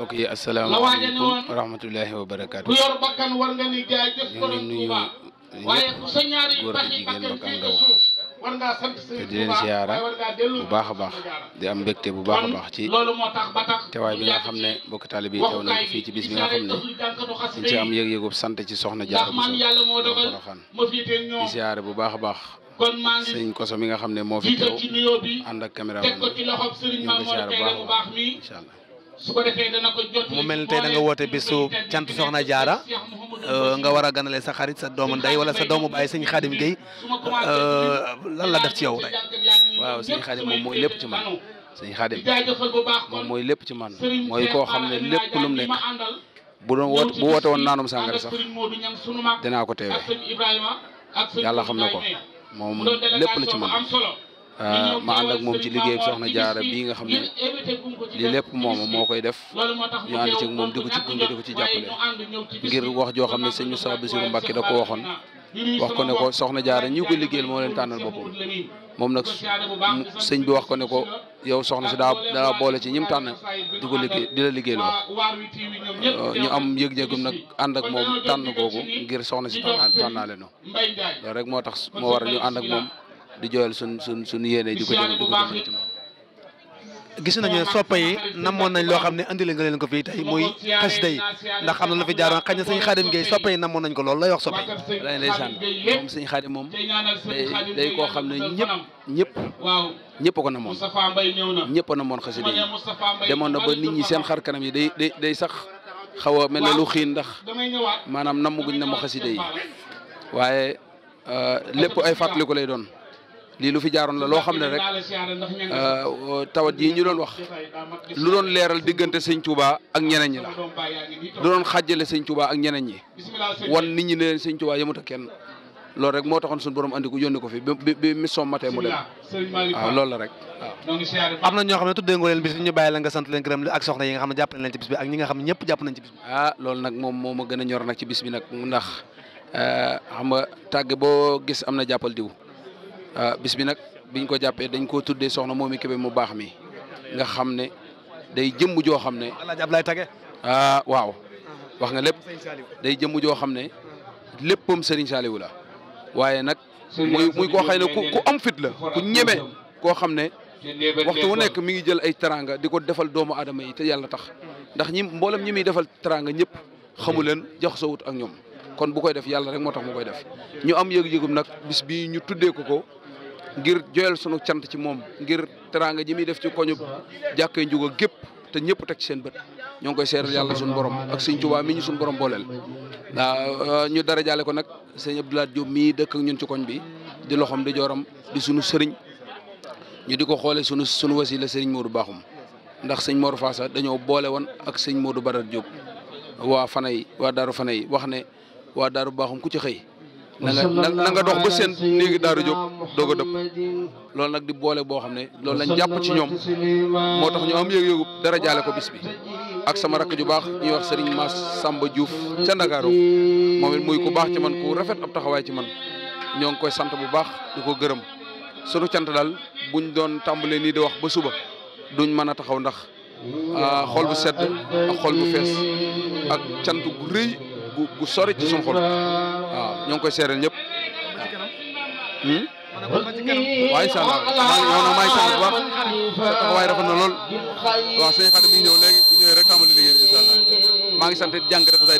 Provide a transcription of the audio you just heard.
mbokk yi asalaamaaleykum wa rahmatullahi wa barakaatu. ñu ngi nuyu ñëpp góor ak jigéen mag ak ndaw te di leen siyaara bu baax a baax di am mbégte bu baax a baax ci teewaay bi nga xam ne mbokk taalibe yi teew nañ ko fii ci bis bi nga xam ne dañ ci am yëg-yëgu sant ci soxna Jaara Buso di siyaara bu baax a baax. sëñ Koso mi nga xam ne moo fi teew ànd ak caméra man ñu ngi ko siyaara bu baax a baax incha allah. su mu mel ni tey da nga woote bisu cant soxna jaara euh, nga war a ganale sa xarit sax doomu ndey wala sa doomu baay sëñ Xaadim Gueye euh, lan la def ci yow tey waaw sëñ Xaadim moom mooy lépp ci man sëñ Xaadim moom mooy lépp ci man mooy koo xam ne lépp lu mu nekk bu doon woote bu woote woon naanum sàngara sax dinaa ko teewee yàlla xam na ko moom lépp la ci man ma ànd moom ci liggéey bi soxna jaara bii nga xam ne li lépp moom moo koy def ñu ànd ci moom di ci gunge di ko ci jàppale ngir wax joo xam ne sëñ Moussa Bassirou Mbacké da ko waxoon wax ko ne ko soxna jaara ñi ko liggéeyal moo leen tànnal boppam moom nag sëñ bi wax ko ne ko yow soxna si daa daa boole ci ñim tànn di ko liggéey di la liggéeyal ñu am yëg-yëgum nag ànd moom tànn kooku ngir soxna si tànnaale no rek moo tax moo war ñu ànd moom di jooyal suñ suñ suñ yéene di ko jëm di ko jëm ne soppa yi namoon nañ loo xam ne andi leen nga leen ko fii tey muy xasida yi ndax am na lu fi jaaroon xëy na sëñ Xaadim Gueye soppa yi namoon nañ ko loolu lay wax soppa yi lay ndeysaan moom sëñ moom day day koo xam ne ñëpp ñëpp ñëpp a ko namoon ñëpp a namoon xasida yi demoon na ba nit ñi seen xar kanam yi day day day sax xaw a mel ne lu xiin ndax maanaam namuguñ namu xasida yi waaye euh, lépp ay ko lay doon lii lu fi jaaroon la loo xam ne rek euh, tawat yi ñu doon wax lu doon leeral diggante sëñ Touba ak ñeneen ñi la lu doon xàjjale sëñ Touba ak ñeneen ñi wan ni ñu ne sëñ Touba yemut ak kenn loolu rek moo taxoon suñu borom andi ko yónni ko fi bi bi mission matee mu dem waaw loolu la rek am na ñoo xam ne tuddee nga leen bis bi ñu bàyyi la nga sant leen gërëm ak soxna yi nga xam ne jàpp nañ leen ci bis bi ak ñi nga xam ne ñëpp jàpp ah loolu nag moom moo ma gën a ñor nag ci bis bi nag ndax euh, xam nga tàgg boo gis am na jàppal diw Ah, bis bi nag biñ ko jàppee dañ koo tuddee soxna Momy Kébé mu baax mi nga xam ne day jëmm joo xam ne. ah waaw. Uh-huh. wax nga lépp day jëmm joo xam ne léppam Serigne Saliou la waaye nag. muy muy koo xëy ne ku ku am fit la ku ñeme koo xam ne. waxtu wu nekk mi ngi jël ay teraanga di ko defal doomu aadama yi te yàlla tax ndax ñi mboolem ñi muy defal teraanga ñëpp xamu leen jaxasoo wut ak ñoom kon bu koy def yàlla rek moo tax mu koy def ñu am yëg-yëgum nag bis ñu tuddee ko ko ngir joyal sunu cant ci moom ngir teraanga ji muy def ci koñu jàkkee njuga gépp te ñëpp teg ci seen bët ñoo ngi koy seeral yàlla suñu borom ak sëñ Tuubaa mi ñu suñu borom booleel waaw ñu dara jaale ko nag sëñ Abdoulaye mii dëkk ak ñun ci koñ bi di loxom di di sunu sëriñ ñu di ko xoolee sunu sunu wasila sëriñ Modou Bakhoum ndax sëñ Mor Faasa dañoo boole woon ak sëñ Modou Badar Diop waa Fanay waa Daaru Fanay wax ne waa Daaru baaxum ku ci xëy na nga na nga dox ba seen néegi daara jóg doog a dëpp loolu nag di boole boo xam ne loolu lañ jàpp ci ñoom moo tax ñu am yëg-yëgu dara jaale ko bis bi ak sama rakk ju baax ñuy wax sëriñ Mass Samba Diouf ca Ndakaaru moom it muy ku baax ci man ku rafet ab taxawaay ci man ñoo ngi koy sant bu baax di ko gërëm sunu cant daal buñ doon tàmbalee nii di wax ba suba duñ mën a taxaw ndax ah, xol bu sedd ak xol bu fees ak cant gu rëy gu gu sori ci suñu xol waaw ñoo ngi koy seeral ñëpp hmm? waaw. waaye incha allah yow nag maa ngi sant na lool waaw sëñ Xaadim mi ngi ñëw léegi ñëwee rek tàmbali liggéey bi incha allah maa ngi sant jàng di teew